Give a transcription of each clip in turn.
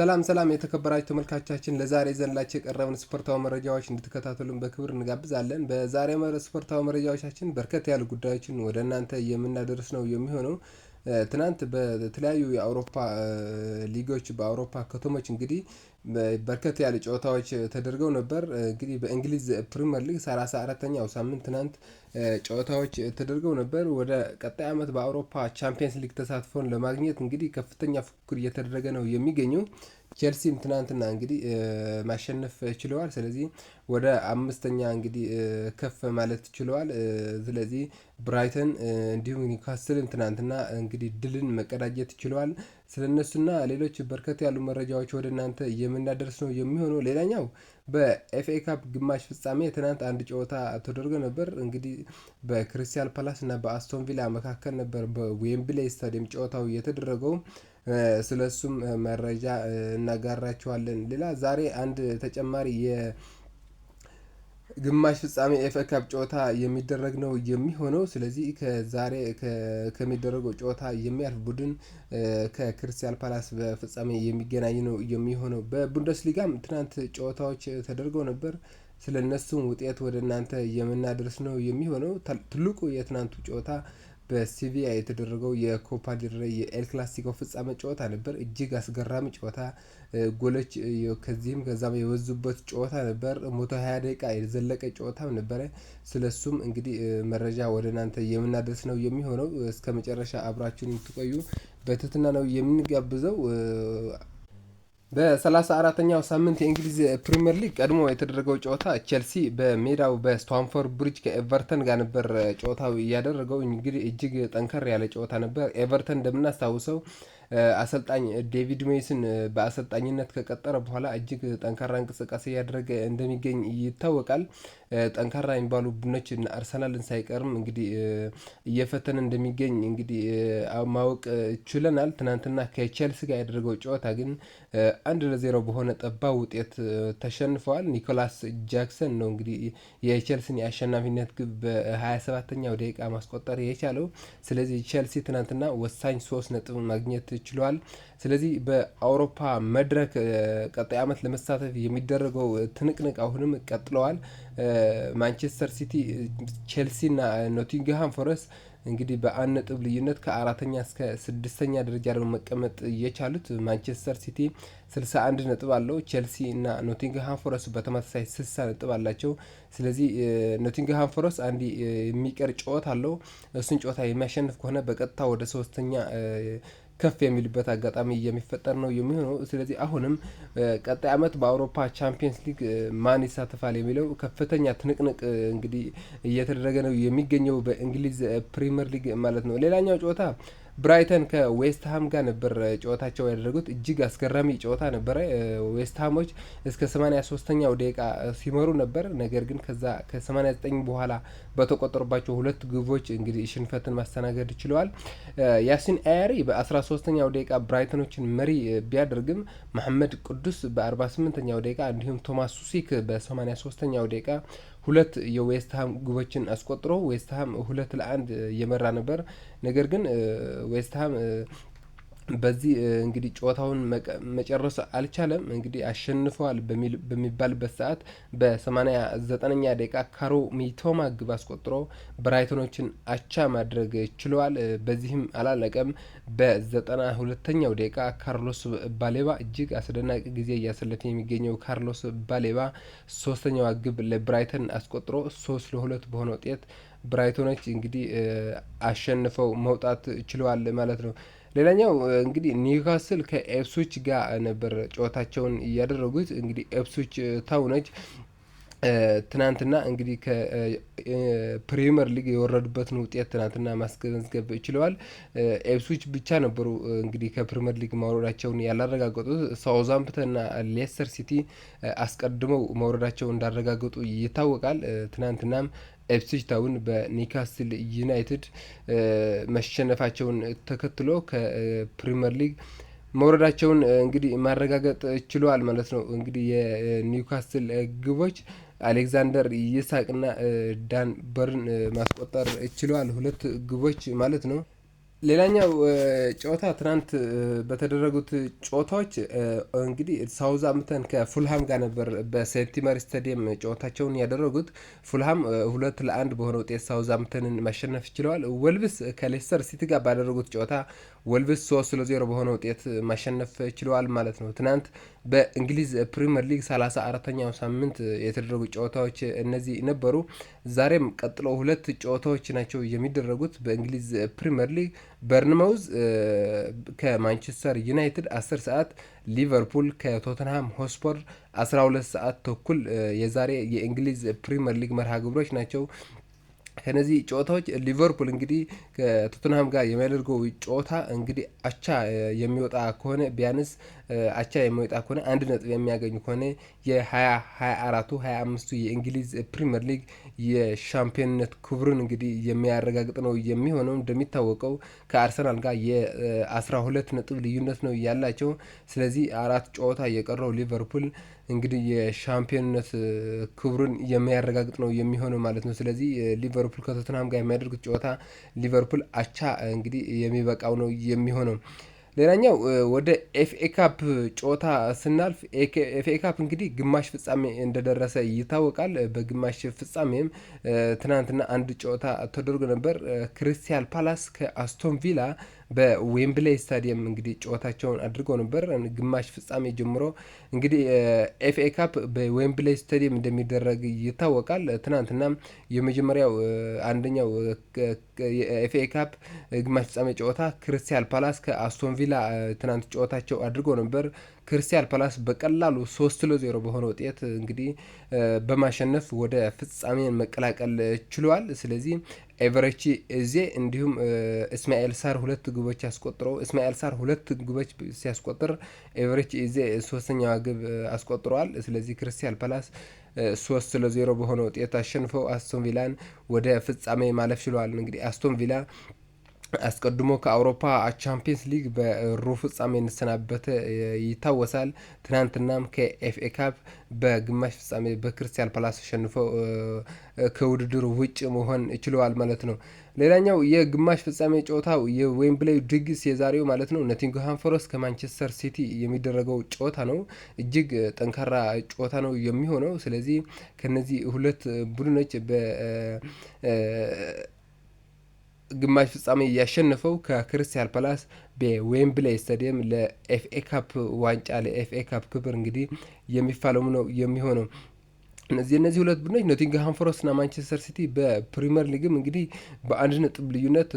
ሰላም ሰላም የተከበራችሁ ተመልካቻችን ለዛሬ ዘንላቸው የቀረብን ስፖርታዊ መረጃዎች እንድትከታተሉን በክብር እንጋብዛለን። በዛሬ ስፖርታዊ መረጃዎቻችን በርከት ያሉ ጉዳዮችን ወደ እናንተ የምናደርስ ነው የሚሆነው። ትናንት በተለያዩ የአውሮፓ ሊጎች በአውሮፓ ከተሞች እንግዲህ በርከት ያሉ ጨዋታዎች ተደርገው ነበር። እንግዲህ በእንግሊዝ ፕሪምየር ሊግ ሰላሳ አራተኛው ሳምንት ትናንት ጨዋታዎች ተደርገው ነበር። ወደ ቀጣይ ዓመት በአውሮፓ ቻምፒየንስ ሊግ ተሳትፎን ለማግኘት እንግዲህ ከፍተኛ ፉክክር እየተደረገ ነው የሚገኘው። ቼልሲም ትናንትና እንግዲህ ማሸነፍ ችለዋል። ስለዚህ ወደ አምስተኛ እንግዲህ ከፍ ማለት ችለዋል። ስለዚህ ብራይተን እንዲሁም ኒውካስልም ትናንትና እንግዲህ ድልን መቀዳጀት ችለዋል። ስለነሱና ሌሎች በርከት ያሉ መረጃዎች ወደ እናንተ የምናደርስ ነው የሚሆነው ሌላኛው በኤፍኤ ካፕ ግማሽ ፍጻሜ ትናንት አንድ ጨዋታ ተደርጎ ነበር። እንግዲህ በክሪስታል ፓላስ እና በአስቶን ቪላ መካከል ነበር በዌምብሌይ ስታዲየም ጨዋታው የተደረገው። ስለሱም መረጃ እናጋራቸዋለን። ሌላ ዛሬ አንድ ተጨማሪ ግማሽ ፍጻሜ ኤፍ ኤ ካፕ ጨዋታ የሚደረግ ነው የሚሆነው። ስለዚህ ከዛሬ ከሚደረገው ጨዋታ የሚያልፍ ቡድን ከክርስቲያን ፓላስ በፍጻሜ የሚገናኝ ነው የሚሆነው። በቡንደስሊጋም ትናንት ጨዋታዎች ተደርገው ነበር። ስለ እነሱም ውጤት ወደ እናንተ የምናደርስ ነው የሚሆነው። ትልቁ የትናንቱ ጨዋታ በሲቪያ የተደረገው የኮፓ ዴልሬ የኤል ክላሲኮ ፍጻሜ ጨዋታ ነበር። እጅግ አስገራሚ ጨዋታ፣ ጎሎች ከዚህም ከዛም የበዙበት ጨዋታ ነበር። መቶ ሀያ ደቂቃ የዘለቀ ጨዋታም ነበረ። ስለሱም እንግዲህ መረጃ ወደ እናንተ የምናደርስ ነው የሚሆነው። እስከ መጨረሻ አብራችሁን የምትቆዩ በትህትና ነው የምንጋብዘው። በሰላሳ አራተኛው ሳምንት የእንግሊዝ ፕሪምየር ሊግ ቀድሞ የተደረገው ጨዋታ ቼልሲ በሜዳው በስታንፎርድ ብሪጅ ከኤቨርተን ጋር ነበር ጨዋታው እያደረገው። እንግዲህ እጅግ ጠንከር ያለ ጨዋታ ነበር። ኤቨርተን እንደምናስታውሰው አሰልጣኝ ዴቪድ ሜይስን በአሰልጣኝነት ከቀጠረ በኋላ እጅግ ጠንካራ እንቅስቃሴ እያደረገ እንደሚገኝ ይታወቃል። ጠንካራ የሚባሉ ቡድኖች አርሰናልን ሳይቀርም እንግዲህ እየፈተነ እንደሚገኝ እንግዲህ ማወቅ ችለናል። ትናንትና ከቼልሲ ጋር ያደረገው ጨዋታ ግን አንድ ለዜሮ በሆነ ጠባብ ውጤት ተሸንፈዋል። ኒኮላስ ጃክሰን ነው እንግዲህ የቼልሲን የአሸናፊነት ግብ በ27ኛው ደቂቃ ማስቆጠር የቻለው። ስለዚህ ቼልሲ ትናንትና ወሳኝ ሶስት ነጥብ ማግኘት ችሏል። ስለዚህ በአውሮፓ መድረክ ቀጣይ ዓመት ለመሳተፍ የሚደረገው ትንቅንቅ አሁንም ቀጥለዋል። ማንቸስተር ሲቲ፣ ቼልሲና ኖቲንግሃም ፎረስት እንግዲህ በአንድ ነጥብ ልዩነት ከአራተኛ እስከ ስድስተኛ ደረጃ ደግሞ መቀመጥ የቻሉት ማንቸስተር ሲቲ 61 ነጥብ አለው። ቼልሲ እና ኖቲንግሃም ፎረስ በተመሳሳይ 60 ነጥብ አላቸው። ስለዚህ ኖቲንግሃም ፎረስ አንድ የሚቀር ጨዋታ አለው። እሱን ጨዋታ የሚያሸንፍ ከሆነ በቀጥታ ወደ ሶስተኛ ከፍ የሚልበት አጋጣሚ የሚፈጠር ነው የሚሆነው። ስለዚህ አሁንም ቀጣይ ዓመት በአውሮፓ ቻምፒየንስ ሊግ ማን ይሳተፋል የሚለው ከፍተኛ ትንቅንቅ እንግዲህ እየተደረገ ነው የሚገኘው በእንግሊዝ ፕሪምየር ሊግ ማለት ነው። ሌላኛው ጨዋታ ብራይተን ከዌስትሃም ጋር ነበር ጨዋታቸው ያደረጉት። እጅግ አስገራሚ ጨዋታ ነበረ። ዌስትሃሞች እስከ 83ኛው ደቂቃ ሲመሩ ነበር። ነገር ግን ከዛ ከ89 በኋላ በተቆጠሩባቸው ሁለት ግቦች እንግዲህ ሽንፈትን ማስተናገድ ችለዋል። ያሲን አያሪ በ13ኛው ደቂቃ ብራይተኖችን መሪ ቢያደርግም መሐመድ ቅዱስ በ48ኛው ደቂቃ እንዲሁም ቶማስ ሱሲክ በ83ኛው ደቂቃ ሁለት የዌስትሃም ግቦችን አስቆጥሮ ዌስትሃም ሁለት ለአንድ እየመራ ነበር። ነገር ግን ዌስትሃም በዚህ እንግዲህ ጨዋታውን መጨረስ አልቻለም። እንግዲህ አሸንፈዋል በሚባልበት ሰዓት በሰማንያ ዘጠነኛ ደቂቃ ካሮ ሚቶማ ግብ አስቆጥሮ ብራይተኖችን አቻ ማድረግ ችለዋል። በዚህም አላለቀም። በዘጠና ሁለተኛው ደቂቃ ካርሎስ ባሌባ እጅግ አስደናቂ ጊዜ እያሰለፈ የሚገኘው ካርሎስ ባሌባ ሶስተኛዋ ግብ ለብራይተን አስቆጥሮ ሶስት ለሁለት በሆነ ውጤት ብራይተኖች እንግዲህ አሸንፈው መውጣት ችለዋል ማለት ነው። ሌላኛው እንግዲህ ኒውካስል ከኤፕሶች ጋር ነበር ጨዋታቸውን እያደረጉት። እንግዲህ ኤፕሶች ታውነች ትናንትና እንግዲህ ከፕሪምየር ሊግ የወረዱበትን ውጤት ትናንትና ማስገንዘብ ችለዋል። ኤፕሶች ብቻ ነበሩ እንግዲህ ከፕሪምየር ሊግ መውረዳቸውን ያላረጋገጡት። ሳውዛምፕተንና ሌስተር ሲቲ አስቀድመው መውረዳቸው እንዳረጋገጡ ይታወቃል። ትናንትናም ኤፕስዊች ታውን በኒካስል ዩናይትድ መሸነፋቸውን ተከትሎ ከፕሪምየር ሊግ መውረዳቸውን እንግዲህ ማረጋገጥ ችለዋል ማለት ነው። እንግዲህ የኒውካስል ግቦች አሌክዛንደር ይስሐቅና ዳን በርን ማስቆጠር ችለዋል። ሁለት ግቦች ማለት ነው። ሌላኛው ጨዋታ ትናንት በተደረጉት ጨዋታዎች እንግዲህ ሳውዛምተን ከፉልሃም ጋር ነበር በሴንቲመሪ ስታዲየም ጨዋታቸውን ያደረጉት። ፉልሃም ሁለት ለአንድ በሆነ ውጤት ሳውዛምተንን ማሸነፍ ችለዋል። ወልብስ ከሌስተር ሲቲ ጋር ባደረጉት ጨዋታ ወልቭስ ሶስት ዜሮ በሆነ ውጤት ማሸነፍ ችለዋል ማለት ነው። ትናንት በእንግሊዝ ፕሪምየር ሊግ 34 ተኛው ሳምንት የተደረጉ ጨዋታዎች እነዚህ ነበሩ። ዛሬም ቀጥለው ሁለት ጨዋታዎች ናቸው የሚደረጉት በእንግሊዝ ፕሪምየር ሊግ በርንመውዝ ከማንቸስተር ዩናይትድ 10 ሰዓት፣ ሊቨርፑል ከቶተንሃም ሆስፖር 12 ሰዓት ተኩል የዛሬ የእንግሊዝ ፕሪምየር ሊግ መርሃ ግብሮች ናቸው። ከነዚህ ጨዋታዎች ሊቨርፑል እንግዲህ ከቶትንሃም ጋር የሚያደርገው ጨዋታ እንግዲህ አቻ የሚወጣ ከሆነ ቢያንስ አቻ የሚወጣ ከሆነ አንድ ነጥብ የሚያገኙ ከሆነ የሀያ ሀያ አራቱ ሀያ አምስቱ የእንግሊዝ ፕሪምየር ሊግ የሻምፒዮንነት ክብርን እንግዲህ የሚያረጋግጥ ነው የሚሆነው። እንደሚታወቀው ከአርሰናል ጋር የ12 ነጥብ ልዩነት ነው ያላቸው። ስለዚህ አራት ጨዋታ የቀረው ሊቨርፑል እንግዲህ የሻምፒዮንነት ክብሩን የሚያረጋግጥ ነው የሚሆነው ማለት ነው። ስለዚህ ሊቨርፑል ከቶትናም ጋር የሚያደርጉት ጨዋታ ሊቨርፑል አቻ እንግዲህ የሚበቃው ነው የሚሆነው። ሌላኛው ወደ ኤፍኤ ካፕ ጨዋታ ስናልፍ ኤፍኤ ካፕ እንግዲህ ግማሽ ፍጻሜ እንደደረሰ ይታወቃል። በግማሽ ፍጻሜም ትናንትና አንድ ጨዋታ ተደርጎ ነበር። ክሪስታል ፓላስ ከአስቶን ቪላ በዌምብሌይ ስታዲየም እንግዲህ ጨዋታቸውን አድርገው ነበር። ግማሽ ፍጻሜ ጀምሮ እንግዲህ ኤፍኤ ካፕ በዌምብሌይ ስታዲየም እንደሚደረግ ይታወቃል። ትናንትና የመጀመሪያው አንደኛው የኤፍኤ ካፕ ግማሽ ፍጻሜ ጨዋታ ክርስቲያል ፓላስ ከአስቶንቪላ ትናንት ጨዋታቸው አድርገው ነበር። ክርስቲያል ፓላስ በቀላሉ ሶስት ለዜሮ በሆነ ውጤት እንግዲህ በማሸነፍ ወደ ፍጻሜን መቀላቀል ችሏል። ስለዚህ ኤቨሬቺ እዜ እንዲሁም እስማኤል ሳር ሁለት ግቦች ያስቆጥሮ እስማኤል ሳር ሁለት ግቦች ሲያስቆጥር ኤቨሬቺ እዜ ሶስተኛዋ ግብ አስቆጥረዋል። ስለዚህ ክርስቲያል ፓላስ ሶስት ለዜሮ በሆነ ውጤት አሸንፈው አስቶን ቪላን ወደ ፍጻሜ ማለፍ ችለዋል። እንግዲህ አስቶን ቪላ አስቀድሞ ከአውሮፓ ቻምፒየንስ ሊግ በሩብ ፍጻሜ እንደሰናበተ ይታወሳል። ትናንትናም ከኤፍኤ ካፕ በግማሽ ፍጻሜ በክርስቲያን ፓላስ ተሸንፎ ከውድድር ውጭ መሆን ችለዋል ማለት ነው። ሌላኛው የግማሽ ፍጻሜ ጨዋታው የዌምብሌይ ድግስ የዛሬው ማለት ነው። ኖቲንግሃም ፎረስት ከማንቸስተር ሲቲ የሚደረገው ጨዋታ ነው። እጅግ ጠንካራ ጨዋታ ነው የሚሆነው። ስለዚህ ከነዚህ ሁለት ቡድኖች በ ግማሽ ፍጻሜ ያሸነፈው ከክሪስታል ፓላስ በዌምብላይ ስታዲየም ለኤፍኤ ካፕ ዋንጫ ለኤፍኤ ካፕ ክብር እንግዲህ የሚፋለሙ ነው የሚሆነው። እነዚህ እነዚህ ሁለት ቡድኖች ኖቲንግሃም ፎረስት ና ማንቸስተር ሲቲ በፕሪምየር ሊግም እንግዲህ በአንድ ነጥብ ልዩነት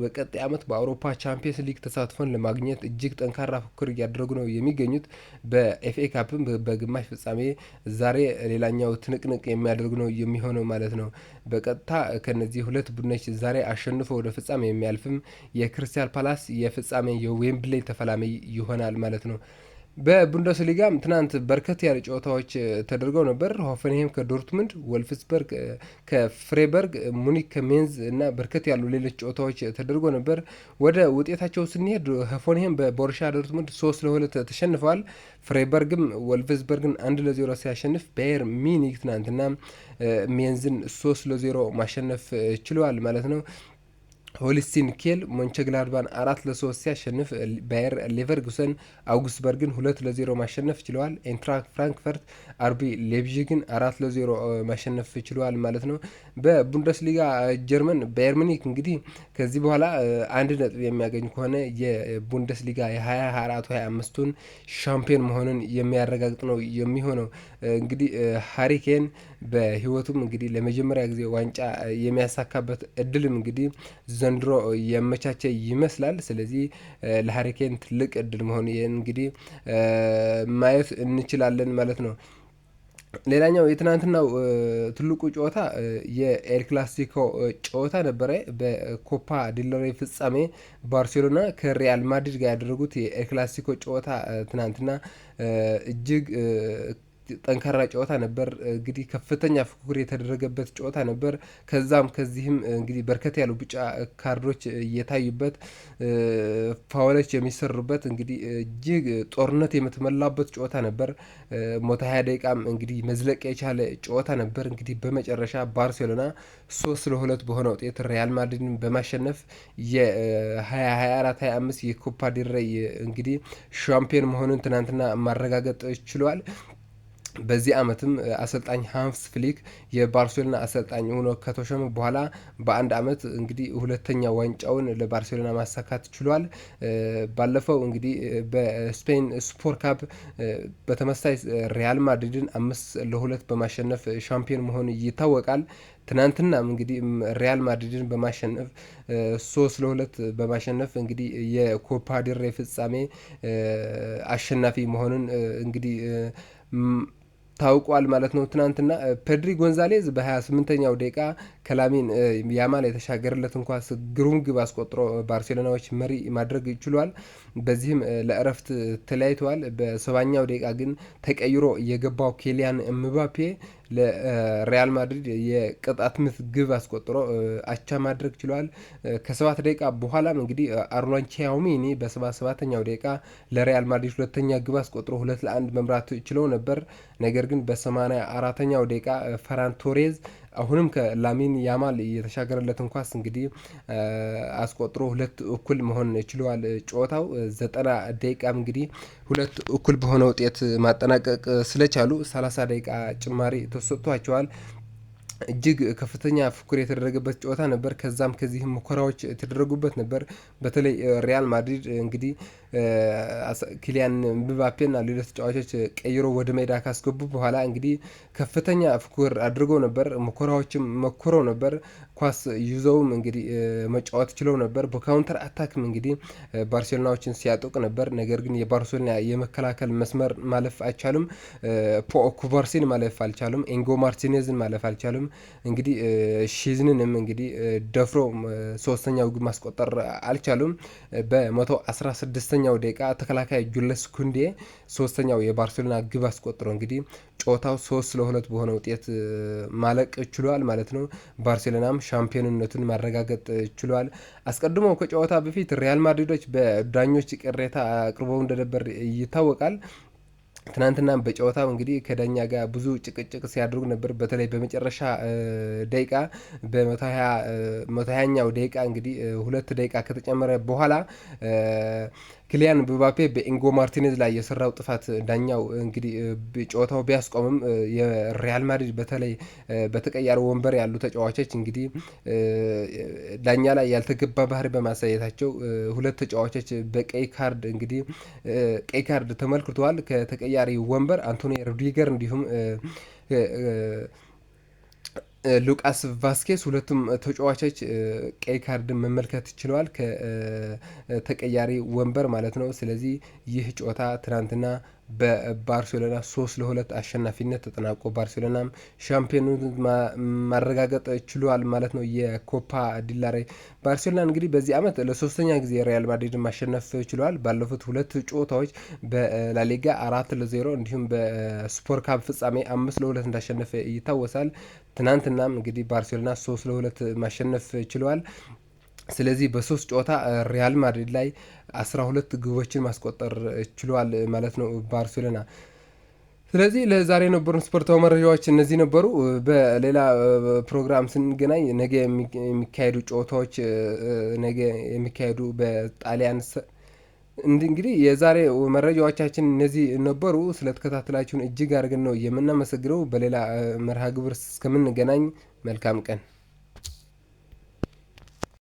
በቀጣይ ዓመት በአውሮፓ ቻምፒየንስ ሊግ ተሳትፎን ለማግኘት እጅግ ጠንካራ ፉክክር እያደረጉ ነው የሚገኙት። በኤፍኤ ካፕም በግማሽ ፍጻሜ ዛሬ ሌላኛው ትንቅንቅ የሚያደርጉ ነው የሚሆነው ማለት ነው። በቀጥታ ከነዚህ ሁለት ቡድኖች ዛሬ አሸንፎ ወደ ፍጻሜ የሚያልፍም የክሪስታል ፓላስ የፍጻሜ የዌምብሌይ ተፈላሚ ይሆናል ማለት ነው። በቡንደስሊጋም ትናንት በርከት ያለ ጨዋታዎች ተደርገው ነበር። ሆፈንሄም ከዶርትሙንድ፣ ወልፍስበርግ ከፍሬበርግ፣ ሙኒክ ከሜንዝ እና በርከት ያሉ ሌሎች ጨዋታዎች ተደርገው ነበር። ወደ ውጤታቸው ስንሄድ ሆፈንሄም በቦርሻ ዶርትሙንድ ሶስት ለሁለት ተሸንፈዋል። ፍሬበርግም ወልፍስበርግን አንድ ለዜሮ ሲያሸንፍ፣ ባየር ሚኒክ ትናንትና ሜንዝን ሶስት ለዜሮ ማሸነፍ ችለዋል ማለት ነው። ሆሊስቲን ኬል ሞንቸግላድባን አራት ለሶስት ሲያሸንፍ ባየር ሌቨርጉሰን አውግስበርግን ሁለት ለዜሮ ማሸነፍ ችለዋል። ኤንትራክ ፍራንክፈርት አርቢ ሌብዥግን አራት ለዜሮ ማሸነፍ ችለዋል ማለት ነው። በቡንደስሊጋ ጀርመን ባየር ሚኒክ እንግዲህ ከዚህ በኋላ አንድ ነጥብ የሚያገኝ ከሆነ የቡንደስሊጋ የ2024 25ቱን ሻምፒዮን መሆኑን የሚያረጋግጥ ነው የሚሆነው እንግዲህ ሀሪኬን በህይወቱም እንግዲህ ለመጀመሪያ ጊዜ ዋንጫ የሚያሳካበት እድልም እንግዲህ ዘንድሮ ያመቻቸ ይመስላል። ስለዚህ ለሀሪኬን ትልቅ እድል መሆን እንግዲህ ማየት እንችላለን ማለት ነው። ሌላኛው የትናንትናው ትልቁ ጨዋታ የኤልክላሲኮ ጨወታ ጨዋታ ነበረ። በኮፓ ዲለሬ ፍጻሜ ባርሴሎና ከሪያል ማድሪድ ጋር ያደረጉት የኤልክላሲኮ ክላሲኮ ጨዋታ ትናንትና እጅግ ጠንካራ ጨዋታ ነበር። እንግዲህ ከፍተኛ ፉክክር የተደረገበት ጨዋታ ነበር። ከዛም ከዚህም እንግዲህ በርከት ያሉ ቢጫ ካርዶች እየታዩበት ፋውሎች የሚሰሩበት እንግዲህ እጅግ ጦርነት የምትመላበት ጨዋታ ነበር። ሞታ ሀያ ደቂቃም እንግዲህ መዝለቅ የቻለ ጨዋታ ነበር። እንግዲህ በመጨረሻ ባርሴሎና ሶስት ለሁለት በሆነ ውጤት ሪያል ማድሪድን በማሸነፍ የ24 25 የኮፓ ዲረይ እንግዲህ ሻምፒዮን መሆኑን ትናንትና ማረጋገጥ ችሏል። በዚህ ዓመትም አሰልጣኝ ሃንስ ፍሊክ የባርሴሎና አሰልጣኝ ሆኖ ከተሾመ በኋላ በአንድ ዓመት እንግዲህ ሁለተኛ ዋንጫውን ለባርሴሎና ማሳካት ችሏል። ባለፈው እንግዲህ በስፔን ስፖር ካፕ በተመሳሳይ ሪያል ማድሪድን አምስት ለሁለት በማሸነፍ ሻምፒዮን መሆን ይታወቃል። ትናንትናም እንግዲህ ሪያል ማድሪድን በማሸነፍ ሶስት ለሁለት በማሸነፍ እንግዲህ የኮፓ ድሬ ፍጻሜ አሸናፊ መሆኑን እንግዲህ ታውቋል ማለት ነው። ትናንትና ፔድሪ ጎንዛሌዝ በ28ኛው ደቂቃ ከላሚን ያማል የተሻገረለትን ኳስ ግሩም ግብ አስቆጥሮ ባርሴሎናዎች መሪ ማድረግ ችሏል። በዚህም ለእረፍት ተለያይተዋል። በሰባኛው ደቂቃ ግን ተቀይሮ የገባው ኬሊያን ምባፔ ለሪያል ማድሪድ የቅጣት ምት ግብ አስቆጥሮ አቻ ማድረግ ችሏል። ከሰባት ደቂቃ በኋላም እንግዲህ አርሏን ቺያውሚኒ በሰባ ሰባተኛው ደቂቃ ለሪያል ማድሪድ ሁለተኛ ግብ አስቆጥሮ ሁለት ለአንድ መምራት ችለው ነበር። ነገር ግን በሰማንያ አራተኛው ደቂቃ ፈራን ቶሬዝ አሁንም ከላሚን ያማል የተሻገረለትን ኳስ እንግዲህ አስቆጥሮ ሁለት እኩል መሆን ችለዋል። ጨዋታው ዘጠና ደቂቃም እንግዲህ ሁለት እኩል በሆነ ውጤት ማጠናቀቅ ስለቻሉ ሰላሳ ደቂቃ ጭማሪ ተሰጥቷቸዋል። እጅግ ከፍተኛ ፉክክር የተደረገበት ጨዋታ ነበር። ከዛም ከዚህም ሙከራዎች የተደረጉበት ነበር። በተለይ ሪያል ማድሪድ እንግዲህ ኪሊያን ምባፔና ሌሎች ተጫዋቾች ቀይሮ ወደ ሜዳ ካስገቡ በኋላ እንግዲህ ከፍተኛ ፉክክር አድርገው ነበር። ሙከራዎችም መኩረው ነበር። ኳስ ይዘውም እንግዲህ መጫወት ችለው ነበር። በካውንተር አታክም እንግዲህ ባርሴሎናዎችን ሲያጠቁ ነበር። ነገር ግን የባርሴሎና የመከላከል መስመር ማለፍ አይቻሉም። ፖ ማለፍ አልቻሉም። ኤንጎ ማርቲኔዝን ማለፍ አልቻሉም። እንግዲህ ሺዝንንም እንግዲህ ደፍሮ ሶስተኛው ግብ ማስቆጠር አልቻሉም። በመቶ አስራ ስድስተኛው ደቂቃ ተከላካይ ጁለስ ኩንዴ ሶስተኛው የባርሴሎና ግብ አስቆጥሮ እንግዲህ ጨዋታው ሶስት ለሁለት በሆነ ውጤት ማለቅ ችሏል ማለት ነው ባርሴሎናም ሻምፒዮንነቱን ማረጋገጥ ችሏል። አስቀድሞ ከጨዋታ በፊት ሪያል ማድሪዶች በዳኞች ቅሬታ አቅርበው እንደነበር ይታወቃል። ትናንትና በጨዋታው እንግዲህ ከዳኛ ጋር ብዙ ጭቅጭቅ ሲያደርጉ ነበር። በተለይ በመጨረሻ ደቂቃ በመቶ ሀያኛው ደቂቃ እንግዲህ ሁለት ደቂቃ ከተጨመረ በኋላ ክሊያን ምባፔ በኢንጎ ማርቲኔዝ ላይ የሰራው ጥፋት ዳኛው እንግዲህ ጨዋታው ቢያስቆምም የሪያል ማድሪድ በተለይ በተቀያሪ ወንበር ያሉ ተጫዋቾች እንግዲህ ዳኛ ላይ ያልተገባ ባህሪ በማሳየታቸው ሁለት ተጫዋቾች በቀይ ካርድ እንግዲህ ቀይ ካርድ ተመልክተዋል። ከተቀያሪ ወንበር አንቶኒ ሩዲገር እንዲሁም ሉቃስ ቫስኬስ ሁለቱም ተጫዋቾች ቀይ ካርድን መመልከት ችለዋል፣ ከተቀያሪ ወንበር ማለት ነው። ስለዚህ ይህ ጨዋታ ትናንትና በባርሴሎና ሶስት ለሁለት አሸናፊነት ተጠናቆ ባርሴሎና ሻምፒዮን ማረጋገጥ ችሏል ማለት ነው። የኮፓ ዲላሬ ባርሴሎና እንግዲህ በዚህ አመት ለሶስተኛ ጊዜ ሪያል ማድሪድ ማሸነፍ ችሏል። ባለፉት ሁለት ጨዋታዎች በላሊጋ አራት ለዜሮ እንዲሁም በስፖር ካፕ ፍጻሜ አምስት ለሁለት እንዳሸነፈ ይታወሳል። ትናንትናም እንግዲህ ባርሴሎና ሶስት ለሁለት ማሸነፍ ችሏል። ስለዚህ በሶስት ጨዋታ ሪያል ማድሪድ ላይ አስራ ሁለት ግቦችን ማስቆጠር ችሏል ማለት ነው ባርሴሎና። ስለዚህ ለዛሬ የነበሩን ስፖርታዊ መረጃዎች እነዚህ ነበሩ። በሌላ ፕሮግራም ስንገናኝ ነገ የሚካሄዱ ጨዋታዎች ነገ የሚካሄዱ በጣሊያን እንግዲህ የዛሬ መረጃዎቻችን እነዚህ ነበሩ። ስለተከታተላችሁን እጅግ አድርገን ነው የምናመሰግነው። በሌላ መርሃ ግብር እስከምንገናኝ መልካም ቀን